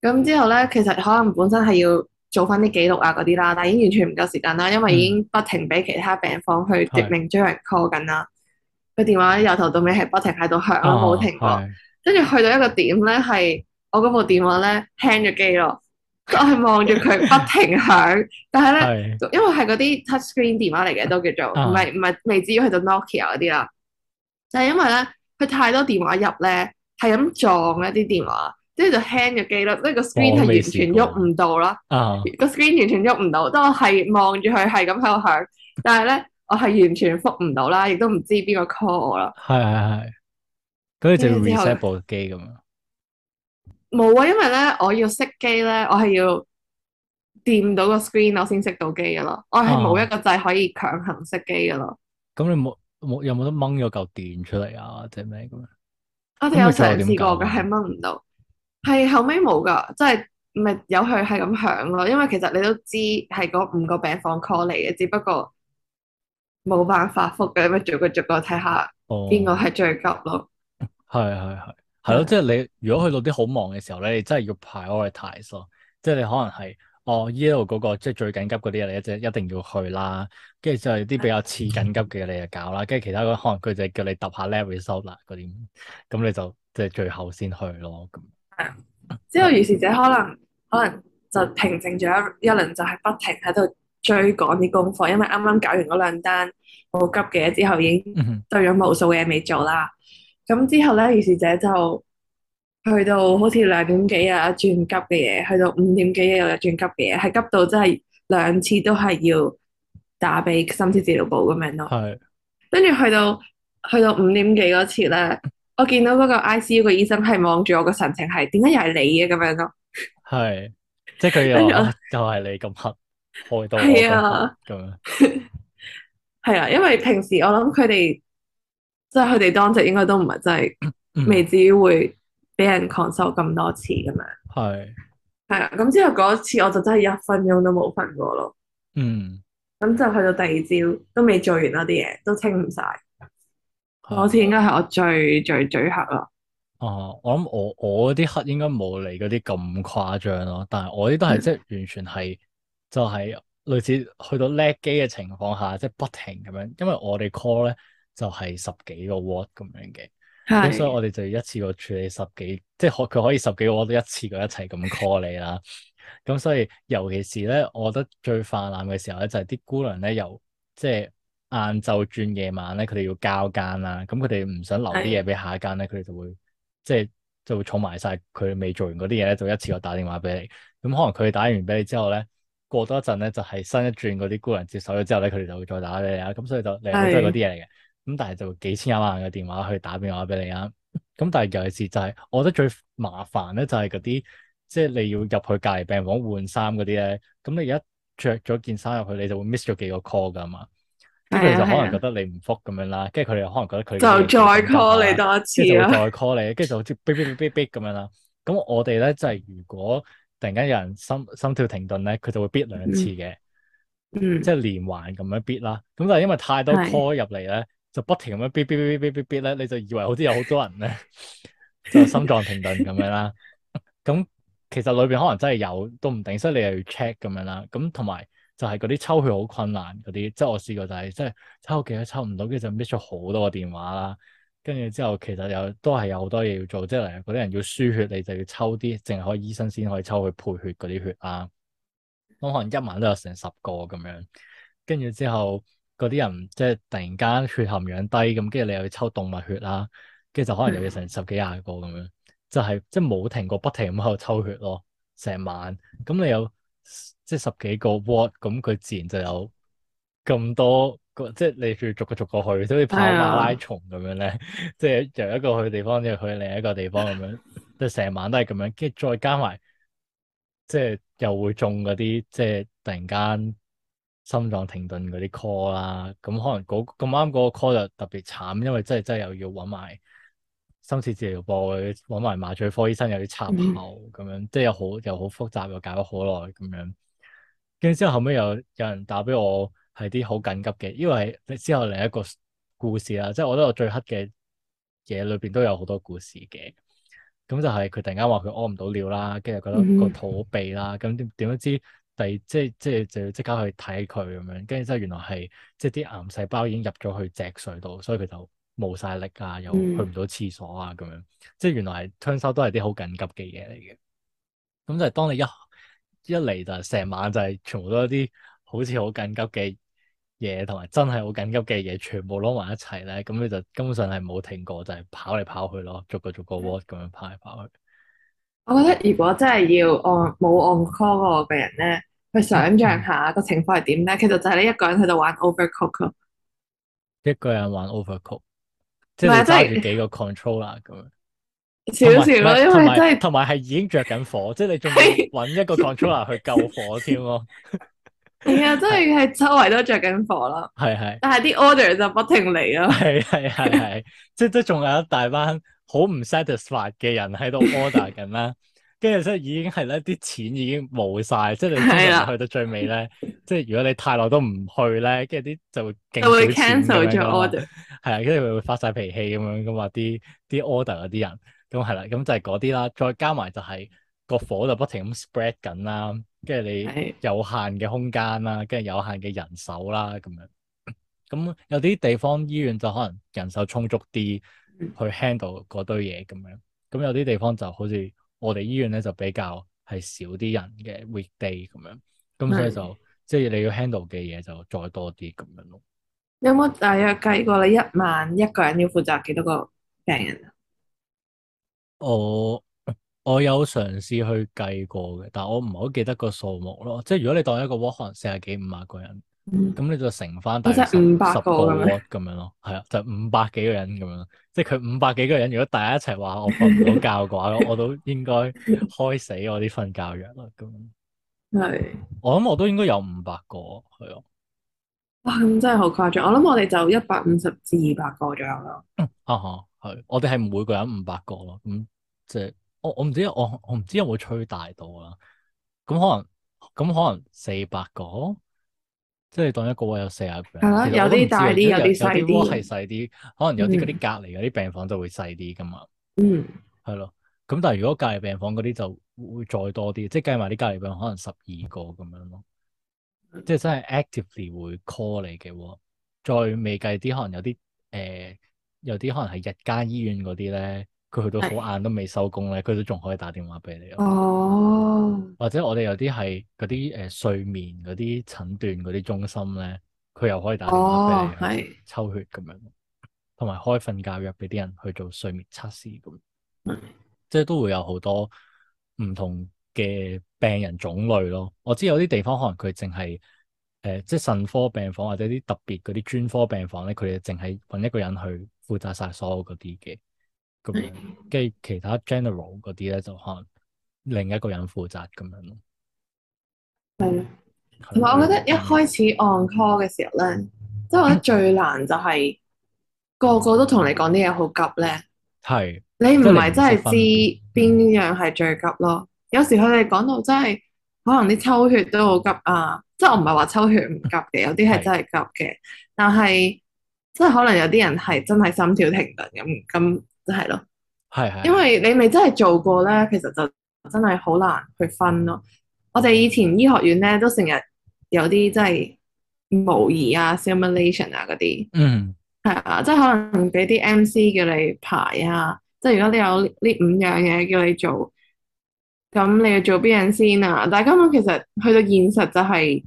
咁之後咧，其實可能本身係要做翻啲記錄啊嗰啲啦，但已經完全唔夠時間啦，因為已經不停俾其他病房去奪命追人 call 緊啦。個電話由是的 頭到尾係不停喺度響，冇、哦、停過。跟住是的 去到一個點咧，係我嗰部電話咧 hang 咗機咯。我係望住佢不停響，是的 但係咧，是的 因為係嗰啲 touchscreen 電話嚟嘅都叫做唔係唔係，未至於去到 Nokia、ok 嗰啲啦。但係因為咧，佢太多電話入咧，係咁撞一啲電話，跟住就 hang 咗機啦。跟住個 screen 係完全喐唔到啦，個 screen 完全喐唔到。即我係望住佢係咁喺度響，但係咧，我係完全復唔到啦，亦都唔知邊個 call 我啦。係係係。咁你就要 reset 部機咁樣？冇啊，因為咧，我要熄機咧，我係要掂到個 screen，我先熄到機噶咯。我係冇一個掣可以強行熄機噶咯。咁、啊、你冇？有冇，有冇得掹咗嚿電出嚟啊？或者咩咁樣？我哋有嘗試過嘅，係掹唔到，係後尾冇㗎，即係唔係有佢係咁響咯？因為其實你都知係嗰五個病房 call 嚟嘅，只不過冇辦法復嘅，咁咪逐個逐個睇下邊個係最急咯。係係係係咯，即係你如果去到啲好忙嘅時候咧，你真係要 prioritise 咯，即係你可能係。哦，依度嗰個即係最緊急嗰啲嘢，你就一定要去啦。跟住就係啲比較次緊急嘅嘢，你就搞啦。跟住 其他嗰，可能佢就叫你揼下 lab result 啦嗰啲。咁你就即係最後先去咯。咁、嗯。係啊，之後如是者可能可能就平靜咗一一輪，就係不停喺度追趕啲功課。因為啱啱搞完嗰兩單好急嘅之後，已經對咗無數嘅嘢未做啦。咁之後咧，如是者就～去到好似兩點幾啊轉急嘅嘢，去到五點幾又又轉急嘅嘢，係急到真係兩次都係要打俾深切治療部咁樣咯。係是，跟住去到去到五點幾嗰次咧，我見到嗰個 I C U 嘅醫生係望住我嘅神情，係點解又係你嘅咁樣咯？係是， 即係佢又又係你咁黑害到咁樣，係 啊，因為平時我諗佢哋即係佢哋當值應該都唔係真係未、嗯、至於會。俾人狂收咁多次咁樣，係係啊，咁之後嗰次我就真係一分鐘都冇瞓過咯。嗯，咁就去到第二朝都未做完嗰啲嘢，都清唔晒。嗰、嗯、次應該係我最最最黑咯。哦、啊，我諗我我啲黑應該冇你嗰啲咁誇張咯。但係我啲都係即係完全係，就係、是、類似去到叻機嘅情況下，即、就、係、是、不停咁樣。因為我哋 call 咧就係、是、十幾個 ward 咁樣嘅。咁、嗯、是所以我哋就要一次過處理十幾即，即係可佢可以十幾個我都一次過一齊咁 call 你啦。咁 所以尤其是咧，我覺得最泛濫嘅時候咧，就係、是、啲姑娘咧，由即係晏晝轉夜晚咧，佢哋要交更啦。咁佢哋唔想留啲嘢俾下一間咧，佢哋就會是即係就會儲埋晒佢未做完嗰啲嘢咧，就一次過打電話俾你。咁可能佢打完俾你之後咧，過多一陣咧，就係新一轉嗰啲姑娘接手咗之後咧，佢哋就會再打俾你啦。咁所以就你就都係嗰啲嘢嚟嘅。 是的咁但係就幾千一萬個電話去打電話俾你啊！咁但係有陣時就係，我覺得最麻煩咧就係嗰啲，即係你要入去隔離病房換衫嗰啲咧。咁你而家着咗件衫入去，你就會 miss 咗幾個 call 噶嘛。咁佢哋就可能覺得你唔復咁樣啦，跟住佢哋可能覺得佢就再 call 你多一次，再 call 你，跟住就好似逼逼逼逼咁樣啦。咁我哋咧就係如果突然間有人心心跳停頓咧，佢就會逼兩次嘅，即係連環咁樣逼啦。咁但係因為太多 call 入嚟咧。就不停咁樣嗶嗶嗶嗶嗶嗶咧，你就以為好似有好多人咧 就心臟停頓咁樣啦。咁其實裏邊可能真係有都唔定，所以你又要 check 咁樣啦。咁同埋就係嗰啲抽血好困難嗰啲，即係我試過就係、是、即係抽幾多抽唔到，跟住就搣咗好多個電話啦。跟住之後其實都有都係有好多嘢要做，即係嗰啲人要輸血，你就要抽啲淨係可以醫生先可以抽去配血嗰啲血啦。啊。可能一晚都有成十個咁樣，跟住之後。嗰啲人即係突然間血含氧低咁，跟住你又要抽動物血啦，跟住就可能又要成十幾廿個咁樣，就係、是、即係冇停過，不停咁喺度抽血咯，成晚。咁你有即係十幾個 w o r 咁佢自然就有咁多個，即係你去逐個逐個去，好似跑馬拉松咁樣咧，即係、哎、呀 由一個去地方，就去另一個地方咁樣，即係成晚都係咁樣，跟住再加埋即係又會中嗰啲，即係突然間。心臟停頓嗰啲 call 啦，咁可能咁啱嗰個 call 就特別慘，因為真係真係又要揾埋深切治療部，揾埋麻醉科醫生有啲插喉，咁、嗯、樣即係又好又好複雜，又搞咗好耐咁樣。跟住之後後尾又有人打俾我，係啲好緊急嘅，因為之後另一個故事啦，即係我覺得我最黑嘅嘢裏邊都有好多故事嘅。咁就係佢突然間話佢屙唔到尿啦，跟住覺得個肚痹啦，咁點點樣知？第即係即係就要即刻去睇佢咁樣，跟住之後原來係即係啲癌細胞已經入咗去脊髓度，所以佢就冇晒力啊，又去唔到廁所啊咁樣，即係原來係搶收都係啲好緊急嘅嘢嚟嘅。咁就係當你一一嚟就係成晚就係全部都係啲好似好緊急嘅嘢，同埋真係好緊急嘅嘢，全部攞埋一齊咧，咁你就根本上係冇停過，就係跑嚟跑去咯，逐個逐個 ward 咁樣跑嚟跑去。我覺得如果真係要按冇按個 call 我嘅人咧，去想象下個情況係點咧，其實就係你一個人喺度玩 Overcooked，一個人玩 Overcooked 即係揸住幾個 controller 咁樣，就是、少少許咯。有因為真係同埋係已經着緊火， 即係你仲揾一個 controller 去救火添咯。係 啊，真係係周圍都着緊火啦。係係，但係啲 order 就不停嚟啦，啊。係係係係，即係都仲有一大班。好唔 satisfy 嘅人喺度 order 緊啦，跟住即係已經係咧，啲錢已經冇晒， 即係你去到最尾咧， 即係如果你太耐都唔去咧，跟住啲就會 cancel 咗 order。係啊， 跟住佢會發晒脾氣咁樣噶嘛，啲啲 order 嗰啲人，咁係啦，咁就係嗰啲啦。再加埋就係、是、個火就不停咁 spread 緊啦，跟住你有限嘅空間啦，跟住有限嘅人手啦，咁樣。咁有啲地方醫院就可能人手充足啲。去 handle 嗰堆嘢咁樣，咁有啲地方就好似我哋醫院咧就比較係少啲人嘅 weekday 咁樣，咁所以就的即係你要 handle 嘅嘢就再多啲咁樣咯。有冇大約計過你一晚一個人要負責幾多個病人啊？我我有嘗試去計過嘅，但我唔係好記得個數目咯。即係如果你當一個 work 可能四啊幾五啊個人。咁、嗯、你就乘翻大十個十個咁樣咯，係啊，就五百幾個人咁樣，即係佢五百幾個人，如果大家一齊話我瞓唔到覺嘅話， 我都應該開死我啲瞓覺藥啦。咁係是、啊啊嗯，我諗我都應該有五百個係啊。哇，咁真係好誇張。我諗我哋就一百五十至二百個左右咯。啊哈、嗯，係、嗯嗯，我哋係每個人五百個咯。咁即係我我唔知我我唔知有冇吹大到啦。咁可能咁可能四百個。即係當一個位有四廿個人，有啲大啲，有啲有啲窩係細啲，嗯、可能有啲啲隔離啲病房就會細啲噶嘛。嗯，係咯。咁但係如果隔離病房嗰啲就會再多啲，即係計埋啲隔離病房可能十二個咁樣咯。即係真係 actively 會 call 你嘅喎。再未計啲可能有啲誒、呃，有啲可能係日間醫院嗰啲咧。佢去到好晏都未收工咧，佢都仲可以打電話俾你。哦，oh。或者我哋有啲係嗰啲誒睡眠嗰啲診斷嗰啲中心咧，佢又可以打電話俾你，oh。抽血咁樣，同埋開瞓覺藥俾啲人去做睡眠測試咁，oh。即係都會有好多唔同嘅病人種類咯。我知有啲地方可能佢淨係誒，即係腎科病房或者啲特別嗰啲專科病房咧，佢哋淨係揾一個人去負責晒所有嗰啲嘅。咁，跟住其他 general 嗰啲咧，就可能另一個人負責咁樣咯。係的，同埋的我覺得一開始 on call 嘅時候咧，嗯、即係我覺得最難就係個個都同你講啲嘢好急咧。係的。你唔係真係知邊樣係最急咯？的有時佢哋講到真係可能啲抽血都好急啊！即係我唔係話抽血唔急嘅，有啲係真係急嘅，的但係即係可能有啲人係真係心跳停頓咁咁。即係咯，係係，的因為你未真係做過咧，其實就真係好難去分咯。我哋以前醫學院咧都成日有啲真係模擬啊、simulation 啊嗰啲，嗯，係啊，即係可能俾啲 MC 叫你排啊，即係如果你有呢五樣嘢叫你做，咁你要做邊樣先啊？但係根本其實去到現實就係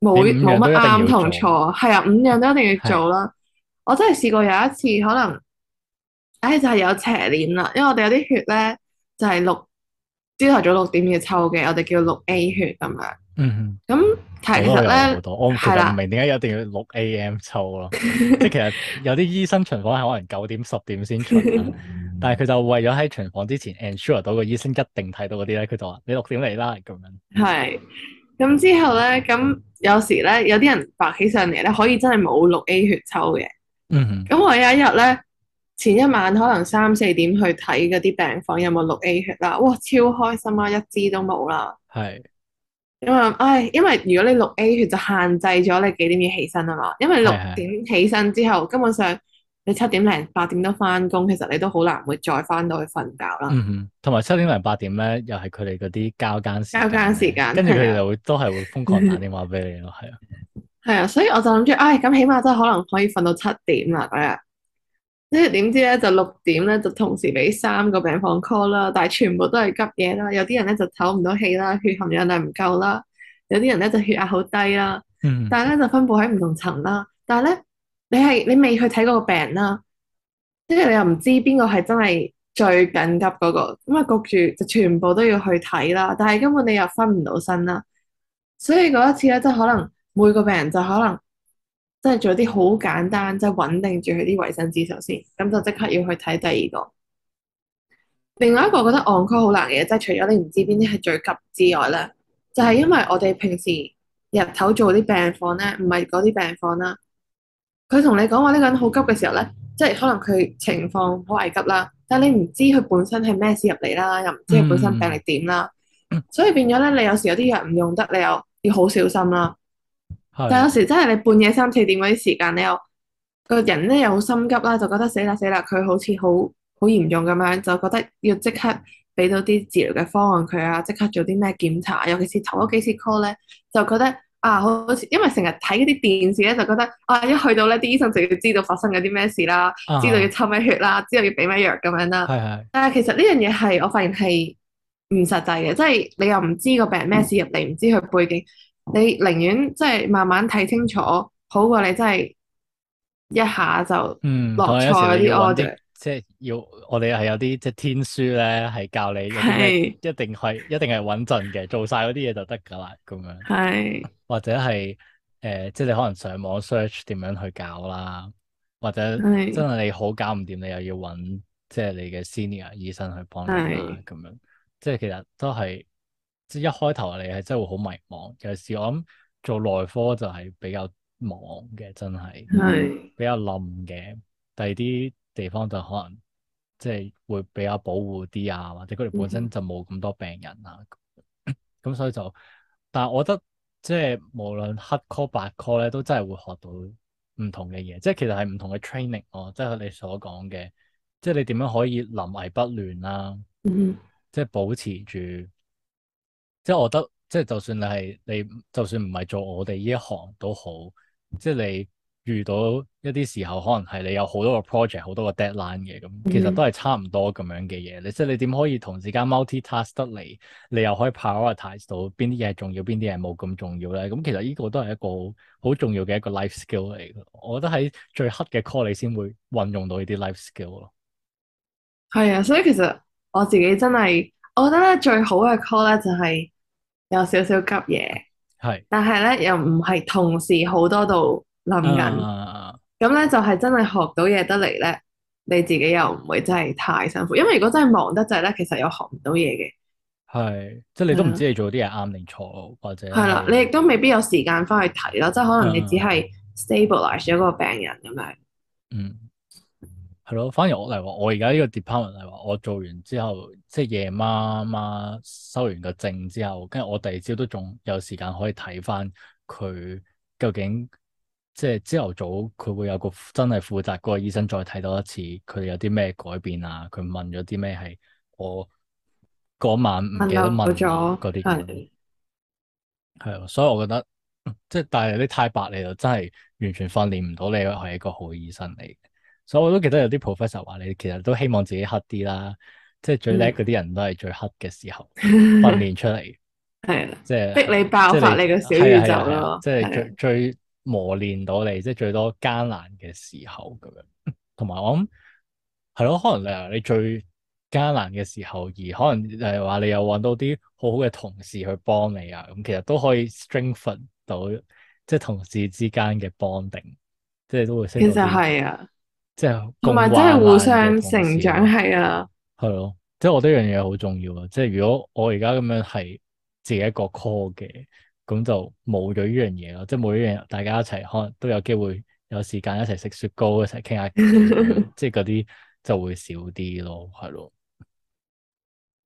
冇冇乜啱同錯，係啊做，五樣都一定要做啦。的的我真係試過有一次可能。唉、哎，就係、是、有斜鏈啦，因為我哋有啲血咧就係六朝頭早六點要抽嘅，我哋叫六 A 血咁樣。嗯，咁哼其實咧我唔的明點解一定要六 A.M 抽咯， 即係其實有啲醫生巡房係可能九點十點先巡， 但係佢就為咗喺巡房之前 ensure 到個醫生一定睇到嗰啲咧，佢就話你六點嚟啦咁樣。係。咁之後咧，咁有時咧，有啲人白起上嚟咧，可以真係冇六 A 血抽嘅。嗯哼。咁我有一日咧。前一晚可能三四點去睇嗰啲病房有冇六 A 血啦、啊，哇超開心啊，一支都冇啦。係是，因為唉，因為如果你六 A 血就限制咗你幾點要起身啊嘛，因為六點起身之後，的根本上你七點零八點都翻工，其實你都好難會再翻到去瞓覺啦。嗯哼，同埋七點零八點咧，又係佢哋嗰啲交更交更時間，跟住佢哋會都係會瘋狂打電話俾你咯，係啊 的，係啊，所以我就諗住唉，咁、哎、起碼都可能可以瞓到七點啦嗰即係點知咧？就六點咧，就同時俾三個病房 call 啦，但係全部都係急嘢啦。有啲人咧就唞唔到氣啦，血含氧量唔夠啦，有啲人咧就血壓好低啦。嗯。但係咧就分佈喺唔同層啦。但係咧，你係你未去睇嗰個病人啦，即係你又唔知邊個係真係最緊急嗰個，咁啊焗住就全部都要去睇啦。但係根本你又分唔到身啦，所以嗰一次咧，即係可能每個病人就可能。即係做啲好簡單，即係穩定住佢啲維生指數先，咁就即刻要去睇第二個。另外一個我覺得 on call 好難嘅，即係除咗你唔知邊啲係最急之外咧，就係、是、因為我哋平時日頭做啲病房咧，唔係嗰啲病房啦，佢同你講話呢、呢個人好急嘅時候咧，即係可能佢情況好危急啦，但係你唔知佢本身係咩事入嚟啦，又唔知佢本身病歷點啦，所以變咗咧，你有時有啲藥唔用得，你又要好小心啦。但有時真係你半夜三四點嗰啲時間，你又個人咧又好心急啦，就覺得死啦死啦，佢好似好好嚴重咁樣，就覺得要即刻俾到啲治療嘅方案佢啊，即刻做啲咩檢查，尤其是頭嗰幾次 call 咧，就覺得啊，好似因為成日睇嗰啲電視咧，就覺得啊，一去到咧啲醫生就要知道發生咗啲咩事啦，知道要抽咩血啦，知道要俾咩藥咁樣啦。係係。但係其實呢樣嘢係我發現係唔實際嘅，即係你又唔知個病咩事入嚟，唔知佢背景。你寧願即係慢慢睇清楚，好過你真係一下就落錯嗰啲 order。即係要我哋係有啲即係天書咧，係教你一定係是一定係穩陣嘅，做晒嗰啲嘢就得噶啦。咁樣，是或者係誒、呃，即係你可能上網 search 點樣去搞啦，或者真係你好搞唔掂，你又要揾即係你嘅 senior 醫生去幫你啦。咁是樣，即係其實都係。即一開頭嚟係真係會好迷茫，尤其我諗做內科就係比較忙嘅，真係的比較冧嘅。第二啲地方就可能即係會比較保護啲啊，或者佢哋本身就冇咁多病人啊。咁、嗯、 所以就，但係我覺得即係無論黑科白科咧，都真係會學到唔同嘅嘢，即、就、係、是、其實係唔同嘅 training 囉。即係你所講嘅，即、就、係、是、你點樣可以臨危不亂啦，即係、嗯、保持住。即係我覺得，即係就算你係你，就算唔係做我哋呢一行都好，即係你遇到一啲時候，可能係你有好多個 project，好多個 deadline 嘅咁，其實都係差唔多咁樣嘅嘢。嗯、你即係你點可以同時間 multi task 得嚟？你又可以 prioritize 到邊啲嘢重要，邊啲嘢冇咁重要咧？咁其實呢個都係一個好重要嘅一個 life skill 嚟嘅。我覺得喺最黑嘅 call 你先會運用到呢啲 life skill 咯。係啊，所以其實我自己真係，我覺得咧最好嘅 call 咧就係、是。有少少急嘢，係，但係咧又唔係同時好多度諗緊，咁咧，啊，嗯，就係，係，真係學到嘢得嚟咧，你自己又唔會真係太辛苦，因為如果真係忙得滯咧，其實又學唔到嘢嘅，係，即係你都唔知你做啲嘢啱定錯，或者係啦，你亦都未必有時間翻去睇咯，即係可能你只係 stabilize 咗個病人咁樣，嗯。係咯，反而我嚟話，我而家呢個 department 嚟話，我做完之後，即係夜媽媽收完個症之後，跟住我第二朝都仲有時間可以睇翻佢究竟，即係朝頭早佢會有個真係負責嗰個醫生再睇多一次，佢有啲咩改變啊？佢問咗啲咩係我嗰晚唔記得問咗嗰啲，係啊，所以我覺得、嗯、即係，但係啲太白嚟，就真係完全訓練唔到你係一個好醫生嚟。所以我都記得有啲 professor 話你，其實都希望自己黑啲啦，即係最叻嗰啲人都係最黑嘅時候訓練出嚟，係 的，即係是逼你爆發你嘅小宇宙咯，的即係最最磨練到你，即係最多艱難嘅時候咁樣。同埋我諗係咯，可能你你最艱難嘅時候，而可能誒話你又搵到啲好好嘅同事去幫你啊，咁其實都可以 strengthen 到即係同事之間嘅 bonding，即係都會識。其實係啊。即係，同埋即係互相成長，係啊，係咯，即係我覺得一樣嘢好重要啊，即係如果我而家咁樣係自己一個 call 嘅，咁就冇咗呢樣嘢咯，即係冇呢樣，大家一齊可能都有機會有時間一齊食雪糕一齊傾下， 即係嗰啲就會少啲咯，係咯，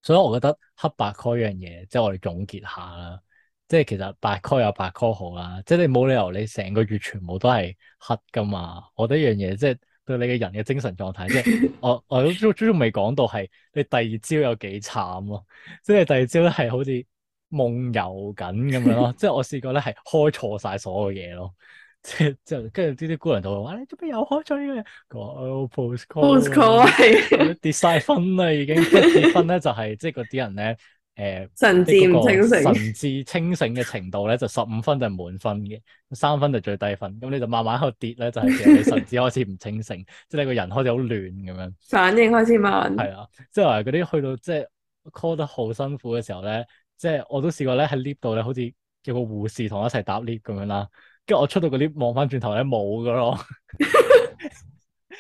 所以我覺得黑白 call 一樣嘢，即係我哋總結下啦，即係其實白 call 有白 call 好啦，即係你冇理由你成個月全部都係黑噶嘛，我覺得一樣嘢即係。對你嘅人嘅精神狀態，即係我我都仲未講到係你第二朝有幾慘、啊、咯，即係第二朝咧係好似夢遊緊咁樣咯，即係我試過咧係開錯晒所有嘢咯，即係即係跟住啲啲姑娘就話，你做咩又開錯嘅？佢話 post-call，跌晒分啦已經，跌分咧就係即係啲人咧。誒，呃、神志唔清醒，神志清醒嘅程度咧就十五分就係滿分嘅，三 分就最低分。咁你就慢慢喺度跌咧，就係、是、你神志開始唔清醒， 即係你個人開始好亂咁樣，反應開始慢。係啊，即係話嗰啲去到即係 call 得好辛苦嘅時候咧，即係我都試過咧喺 lift 度咧，好似叫個護士同我一齊搭 lift 咁樣啦，跟住我出到嗰 lift 望翻轉頭咧冇噶咯。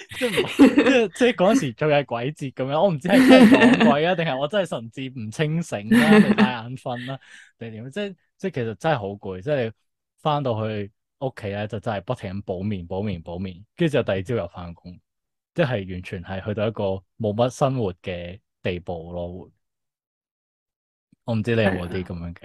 即係即係嗰時仲有鬼節咁樣，我唔知係真係講鬼啊，定係我真係神志唔清醒啦、啊，定眼瞓啦，定點？即係即係其實真係好攰，即係你翻到去屋企咧，就真係不停咁補眠、補眠、補眠，跟住就第二朝又翻工，即係完全係去到一個冇乜生活嘅地步咯。我唔知你有冇啲咁樣嘅。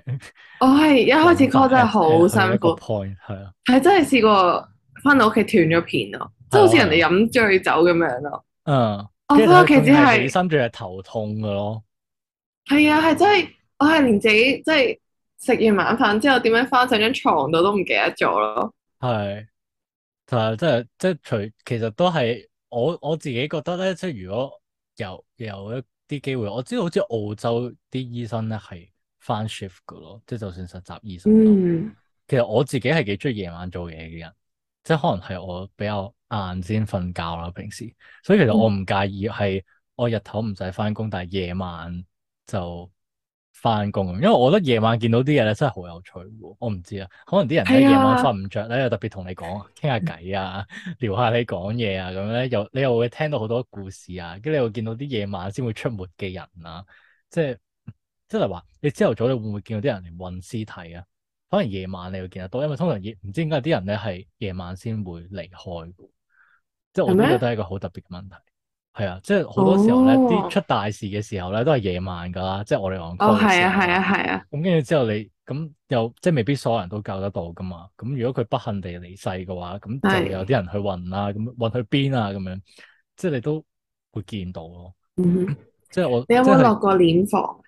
我係一開始嗰真係好辛苦，係啊，係真係試過。 翻到屋企斷咗片咯，即係好似人哋飲醉酒咁樣咯。嗯、就係，我翻屋企只係起身仲係頭痛嘅咯。係啊，係真係，我係連自己即係食完晚飯之後點樣翻上張床度都唔記得咗咯。係，但係即係即係除，其實都係我我自己覺得咧，即係如果有有一啲機會，我知道好似澳洲啲醫生咧係翻 shift 嘅咯，即係就算實習醫生，嗯，其實我自己係幾中意夜晚做嘢嘅人。即係可能係我比較晏先瞓覺啦，平時，所以其實我唔介意係、嗯、我日頭唔使翻工，但係夜晚就翻工。因為我覺得夜晚見到啲嘢咧真係好有趣喎。我唔知啊，可能啲人喺夜晚瞓唔着咧，啊、又特別同你講傾下偈啊，聊下你講嘢啊，咁咧又你又會聽到好多故事啊，跟住又見到啲夜晚先會出沒嘅人啊，即係即係話你朝頭早你會唔會見到啲人嚟運屍體啊？可能夜晚你會見得多，因為通常夜唔知點解啲人咧係夜晚先會離開即係、就是、我覺得都係一個好特別嘅問題。係嗎啊，即係好多時候咧，啲、哦、出大事嘅時候咧都係夜晚㗎，即係我哋講。係、哦、啊，係啊，係啊。咁跟住之後你，你咁又即係未必所有人都救得到㗎嘛。咁如果佢不幸地離世嘅話，咁就有啲人去運啦，咁運去邊啊？咁、啊、樣即係你都會見到咯。嗯、哼即係我。你有冇落是過殮房？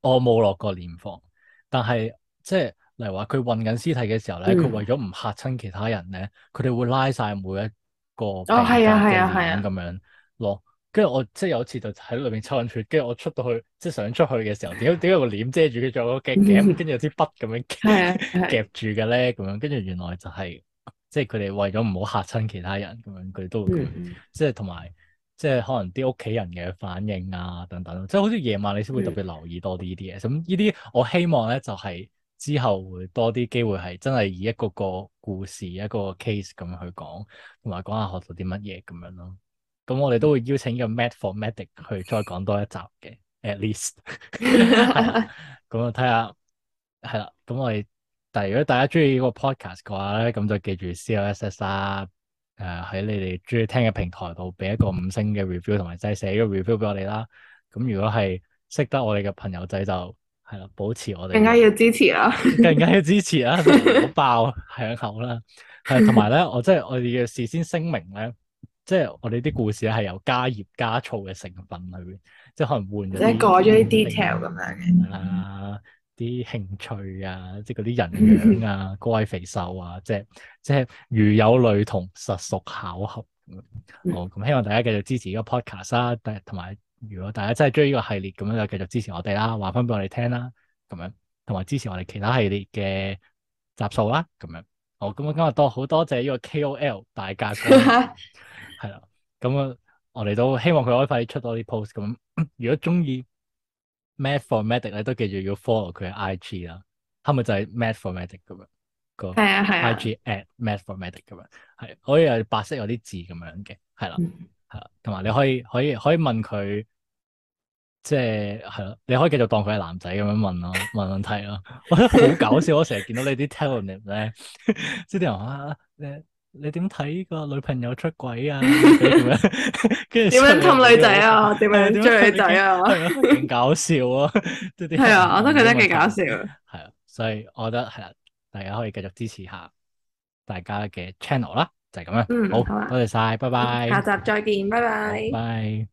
我冇落過殮房，但係即係。例如話，佢運緊屍體嘅時候咧，佢、嗯、為咗唔嚇親其他人咧，佢哋會拉晒每一個病家嘅臉咁樣落。跟住、哦、我即係有次就喺裏邊抽緊血，跟住我出到去即係想出去嘅時候，點解點解個臉遮住？佢仲有個夾夾，跟住有支筆咁樣夾住嘅咧？咁樣跟住原來就係、是、即係佢哋為咗唔好嚇親其他人咁樣，佢哋都會即係同埋即係可能啲屋企人嘅反應啊等等，即係好似夜晚你先會特別留意多啲呢啲嘢。咁呢啲我希望咧就係、是。就是之後會多啲機會係真係以一個個故事、一個個 case 咁樣去講，同埋講下學到啲乜嘢咁樣咯。咁我哋都會邀請、呢個 m e t for m a t i c 去再講多一集嘅 ，at least、 嗯。咁、嗯、啊，睇下係啦。咁我哋，但係如果大家中意呢個 podcast 嘅話咧，咁就記住 CLSS 啊，誒喺你哋中意聽嘅平台度俾一個五星嘅 review，同埋寫寫個 review 俾我哋啦。咁如果係識得我哋嘅朋友仔就～係啦，保持我哋更加要支持啦、啊， 更加要支持啦，好爆響口啦，係同埋咧，我即係 我哋、就是、要事先聲明咧、就是，即係我哋啲故事咧係有加鹽加醋嘅成分喺邊，即係可能換咗，即係改咗啲 detail 咁樣嘅， 啊啲興趣啊，即係嗰啲人樣啊，乖肥瘦啊，即係即係如有雷同，實屬巧合。好、嗯，咁、哦、希望大家繼續支持呢個 podcast 啊，同埋。如果大家真係中意呢個系列，咁樣就繼續支持我哋啦，話翻俾我哋聽啦，咁樣，同埋支持我哋其他系列嘅集數啦，咁樣。哦，咁我今日多好多謝呢個 KOL 大家，係啦。 咁啊，我哋都希望佢可以快出多啲 post。咁如果中意 Math for Magic, fo IG, Magic 咧，都記住要 follow 佢嘅 IG 啦。係咪就係 Math for Magic 咁樣個？係啊係 IG at Math for Magic 咁樣，係可以係白色有啲字咁樣嘅，係啦。嗯同埋你可以可以可以問佢，即係係咯，你可以繼續當佢係男仔咁樣問咯，啊，問問題咯，啊， 我覺得好搞笑，啊，我成日見到你啲 Telegram 咧，即係啲人話你你點睇個女朋友出軌啊，咁樣，跟住點樣氹女仔啊，點樣追女仔啊，好，啊 嗯嗯，搞笑啊，即係係啊，我覺得佢真係幾搞笑，係啊，所以我覺得係啊，大家可以繼續支持下大家嘅 channel 啦。就係咁啦。嗯，好，多謝晒，拜拜。下集再見，拜拜。拜拜。